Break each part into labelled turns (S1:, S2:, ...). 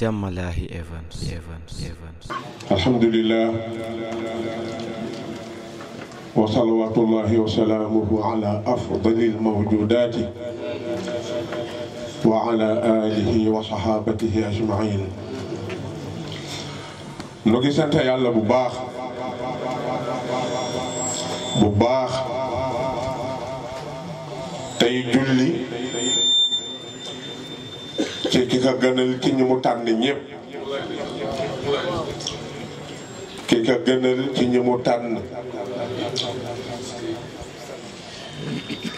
S1: جم الله إيفانس إيفانس إيفانس الحمد لله وصلوات الله وسلامه على أفضل الموجودات وعلى آله وصحابته أجمعين نوغي سانتا يالا بو باخ بو باخ تاي جولي ci ki ka gënal ci ñu mu tànn ñépp ki ka gënal ci ñu mu tànn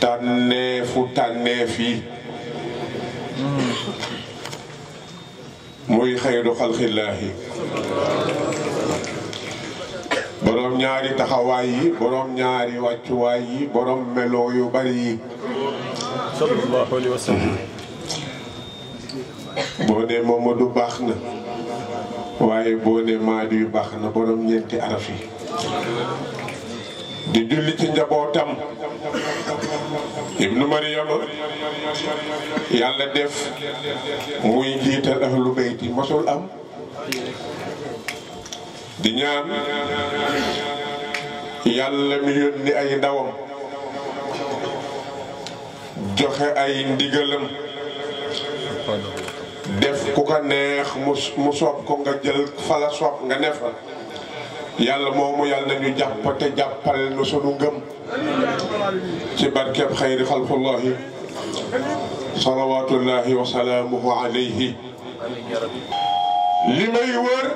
S1: tànneefu tànneef yi muy xayru xalqillaahi boroom ñaari taxawaay yi boroom ñaari wàccuwaay yi boroom melo yu bari yi boo ne Mamadou baax na waaye boo ne Maadi yu baax na borom ñeenti araf yi di julli ci njabootam ibnu Mariama yàlla def muy njiital ahlu bayti mosul am di ñaan yàlla mi yónni ay ndawam joxe ay ndigalam ku ko neex mu mu soob ko nga jël fala soob nga ne fa yàlla moomu yàlla nañu jàpp te jàppal nu sunu ngëm ci barkeb xayri xalqullahi salawatullahi wa salaamuhu alayhi li may wër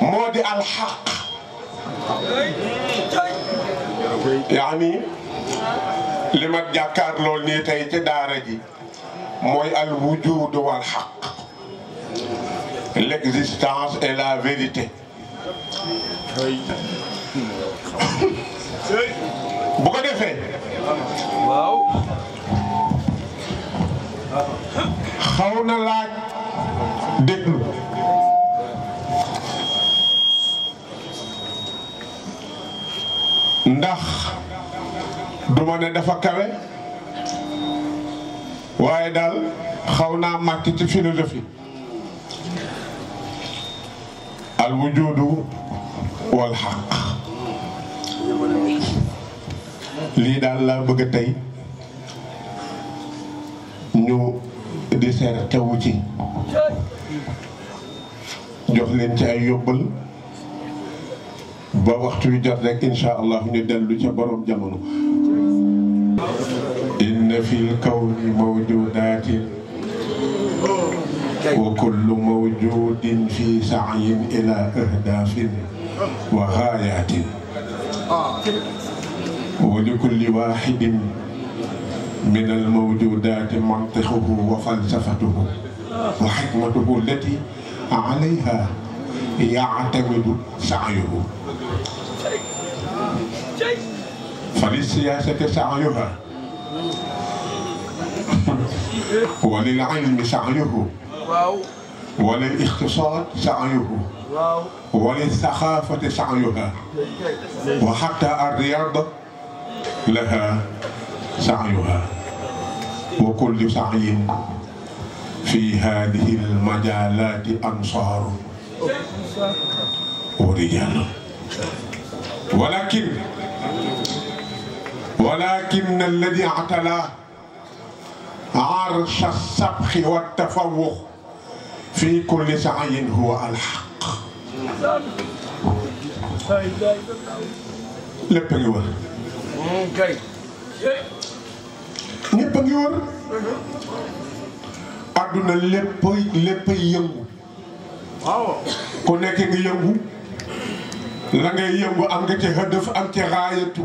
S1: moo di alxaq yaani li ma jàkkaar lool nii tey ci daara ji moy al wujud wal haqq l'existence et la vérité bu ko defé waaw xaw na laaj déglu ndax duma ne dafa kawé waye dal xawna naa ci philosophie al wujudu wal haqq li dal la bëgg tay ñu di ser tawu ci jox leen ci ay yóbbal ba waxtu yu jot rek incha allah ñu dellu ci borom jamono. في الكون موجودات وكل موجود في سعي إلى أهداف وغايات ولكل واحد من الموجودات منطقه وفلسفته وحكمته التي عليها يعتمد سعيه فللسياسة سعيها وللعلم سعيه وللاقتصاد سعيه وللثقافة سعيها وحتى الرياضة لها سعيها وكل سعي في هذه المجالات أنصار ورجال ولكن ولكن الذي اعتلاه عرش السبخ والتفوق في كل سعي هو الحق لبنيور لبنيور أدونا لبي لبي يمو كونك يمو لانك يمو أمك تهدف أمك غاية تو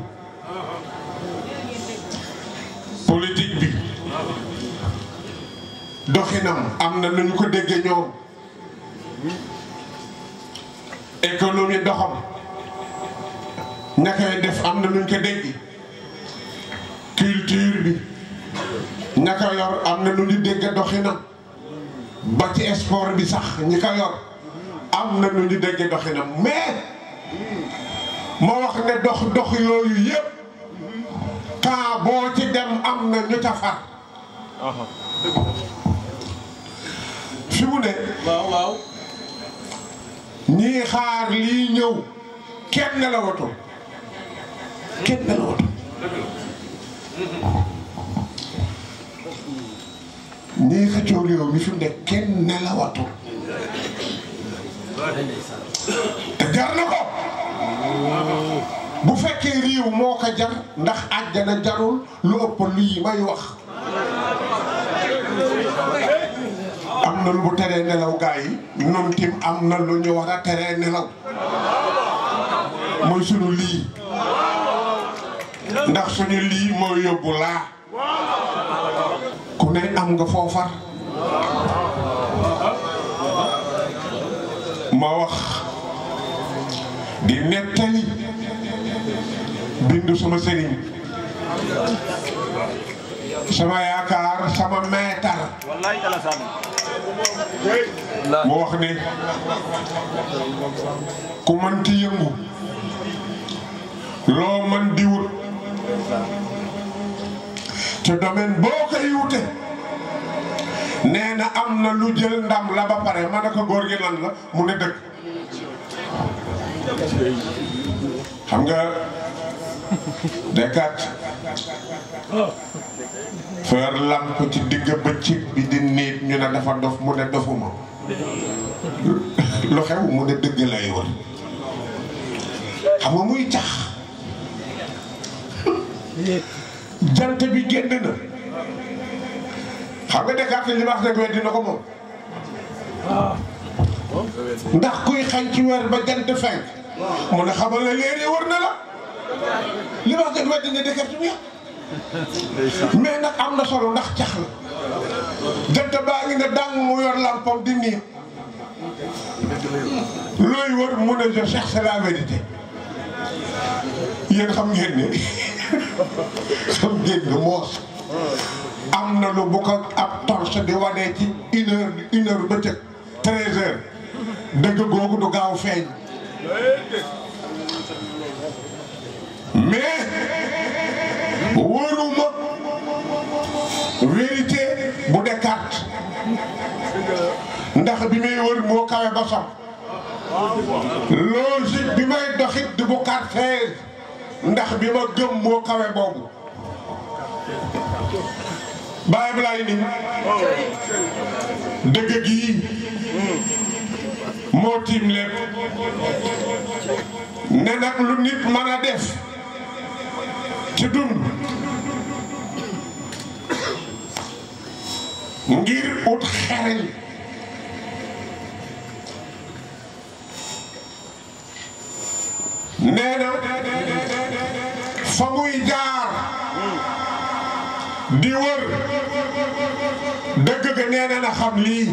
S1: politique bi doxinam am na nu ñu ko déggee ñoom économie doxam ñakay def am na nu ñu ko dégg culture bi ñaka yor am na nu ñu dégg doxinam ba ci sport bi sax ñi ko yor am na lu ñu dégg doxinam mais moo wax ne dox dox yooyu yëpp kaa ci dem am na ñu ca far fi mu ne. waaw waaw. ñii xaar lii ñëw kenn la watul kenn la watul. ñii xëccoo réew mi fi mu ne kenn la jar na ko. bu fekkee réew moo ko jar ndax àjjana jarul lu ëpp luy may wax. am na lu bu teree nelaw gaa yi ñun tim am na lu ñu war a teree nelaw mooy sunu lii ndax suñu lii mooy yóbbu laa ku ne am nga foofar ma wax di nettali bindu sama sëriñ sama yaakaar sama meetar moo wax ne ku mënti yëngu loo mën di te domaine boo koy wute nee na am na lu jël ndam la ba pare ma ne ko góor gi lan la mu ne dëkk xam nga Descartes feer làmp ci digg bëccëg bi di niit ñu ne dafa dof mu ne dofuma lu xew mu ne dëgg lay wër xam nga muy tax jant bi génn na xam nga Descartes li wax rek weddi na ko moom ndax kuy xañ ci weer ba jant fenk mu ne xamal la léegi wër na la li wax rek weddi na Descartes bi mais nag am na solo ndax cax la jant baa ngi ne dàng mu yor lampam di nii looy wër mu ne je cherche la vérité yéen xam ngeen ne xam ngeen ne moos am na lu bu ko ab torche di wanee ci une heure une heure bëccëg treize heures dëgg googu du gaaw feeñ mais ndax bi may wër moo kawe ba sax logique bi may doxit du bu quartier ndax bi ma gëm moo kawe boobu bàyyi bi laay nii dëgg gii moo tiim lépp ne lu nit mën a def ci dund ngir ut xereñ nee fa muy jaar di wër dëgg ga nee na na xam lii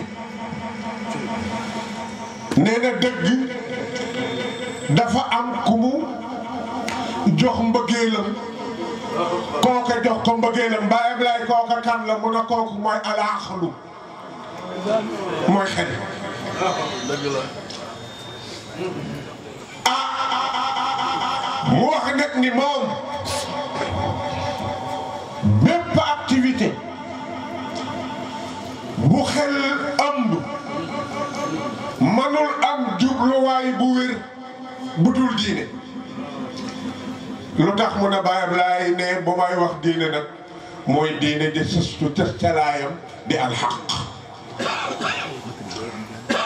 S1: nee dëgg dafa am ku mu jox mbëggeelam kooka jox ko mbëggeelam Baay Ablaay kooka kan la mu ne kooku mooy alaaxlu mooy xel. mu wax nag ni moom bépp activité bu xel ëmb mënul am jubluwaay bu wér bu dul diine. lutax mu ne Baay Ablaay ne bu may wax diine nag mooy diine di sëstu tës calaayam di alxaq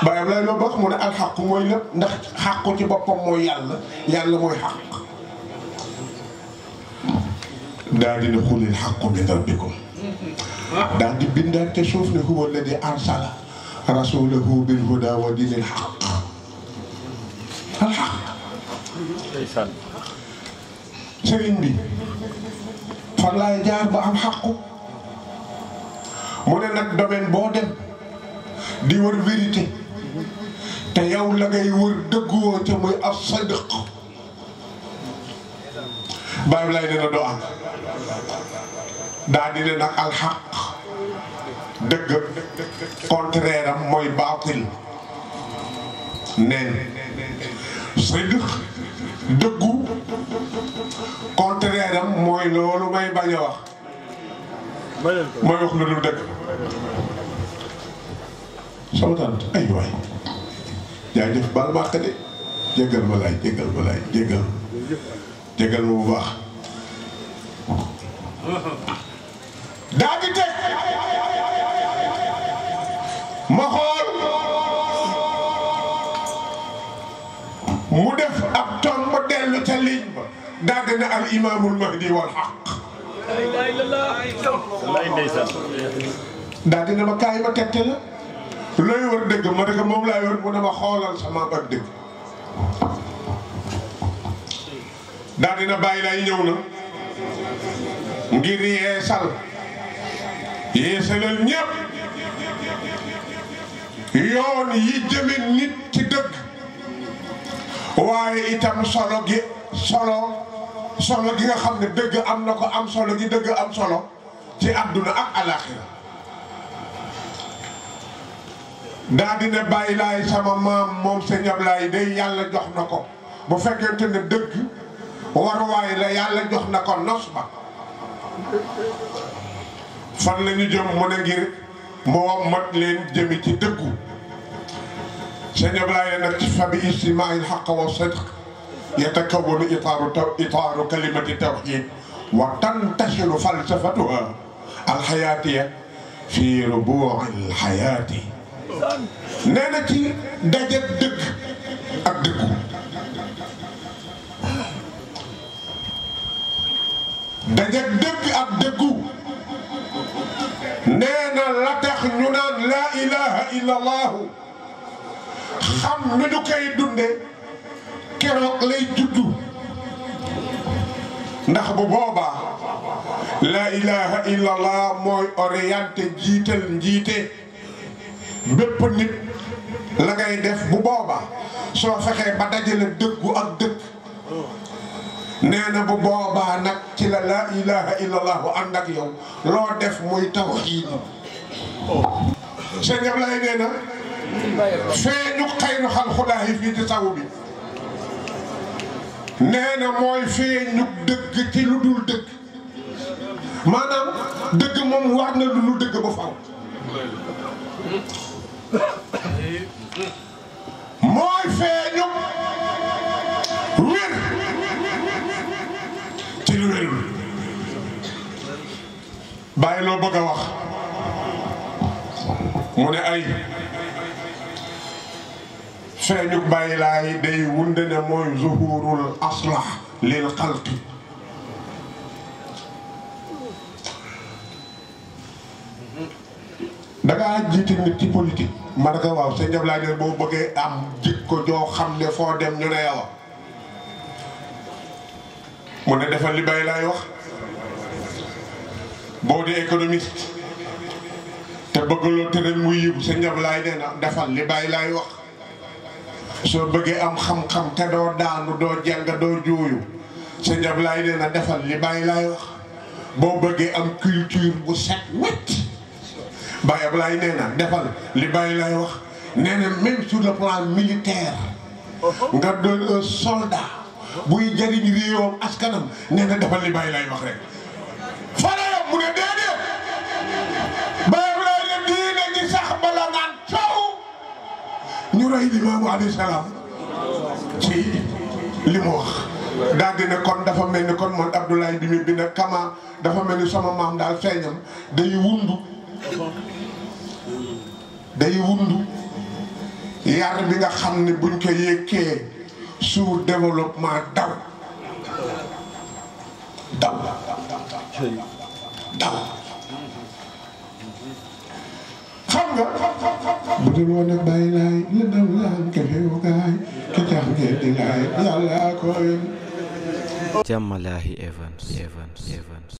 S1: Baay Ablaay loo baax mu ne alxaq mooy lépp ndax xàqu ci boppam mooy yàlla yàlla mooy xaq daal di ne xulil xaqu bi rabbikum daal di bindaat te suuf ne huwa alladi arsala rasulahu bil huda wa dinil xaq alxaq sëriñ bi fan laay jaar ba am xàqu mu ne nag domaine boo dem di wër vérité te yow la ngay wër dëgguwoo ca muy ab sadiq bàyyi lay ne doo am daa di ne nag alxaq dëgg contraire mooy baatil neen sadiq dëggu mooy loolu may bañ a wax mooy wax lu dul dëgg sama ay waay jaajëf baal ma àq de jéggal ma laay jéggal ma laay jéggal jéggal ma bu baax daa di ma xool mu def ab ton ma dellu ca ligne daa gën a am imaamul mahdi wal xaq. daa dina ma kaay ma tegte la. looy war dëgg ma ne moom laay war mu ne xoolal sama ak dëgg. daa dina bàyyi lay ñëw na. ngir yeesal. yeesalal ñëpp. yoon yi jëme nit ci dëgg. waaye itam solo gi solo. solo gi nga xam ne dëgg am na ko am solo gi dëgg am solo ci àdduna ak alaaxira daa di ne bàyyi laay sama maam moom sëñ Ablaay day yàlla jox na ko bu fekkente ne dëgg waruwaay la yàlla jox na ko nos ba fan lañu jëm mu ne ngir moo mat leen jëmi ci dëggu sëñ Ablaay nag fabi istimaa'il haqq wa sidq يتكون إطار إطار كلمة التوحيد وتنتشر فلسفتها الحياتية في ربوع الحياة نانتي دجد دك أدك دجد دك أدك نانا لا تخنون لا إله إلا الله خم ندكي keroog lay juddu ndax bu boobaa la ilaha illallah mooy orienté jiital njiite bépp nit la ngay def bu boobaa soo fexee ba dajale dëggu ak dëgg nee na bu boobaa nag ci la la ilaha illallah bu ànd ak yow loo def muy tawxiid sëñ Ablaye nee na feeñu xayru xalxulaahi fii ci taw bi nee na mooy feeñu dëgg ci lu dul dëgg maanaam dëgg moom wax na lu lu dëgg ba faw mooy feeñu wér ci lu wérul bàyyi loo bëgg a wax mu ne ay feeñuk bàyyi laay day wunde ne mooy zuhurul aslah lil xalqi dangaa jiite nit ci politique ma ne waaw sëñ Diop laa boo bëggee am jikko joo xam ne foo dem ñu ne yow mu ne defal li bàyyi lay wax boo dee économiste te bëgg loo tëral muy yiw sëñ Diop laa ne defal li bàyyi laay wax. soo bëggee am xam-xam te doo daanu doo jàng doo jooyu sëñ Ablaye nee na defal li bàyyi laay wax boo bëggee am culture bu set wet Baye Ablaye nee na defal li bàyyi lay wax nee na même sur le plan militaire nga doon un soldat buy jëriñ réewam askanam nee na defal li bàyyi lay wax rek doy limaamu alayhi salaam ci li mu wax bi mu bind kama dafa mel sama maam daal feeñam day wundu yar bi nga xam ne buñ ko yëkkee sous développement daw daw daw nga bu dul woon ak bàyyi laay la ndaw laan ka xew gaay ki tax ngeen di laay yàlla koy Evans Evans Evans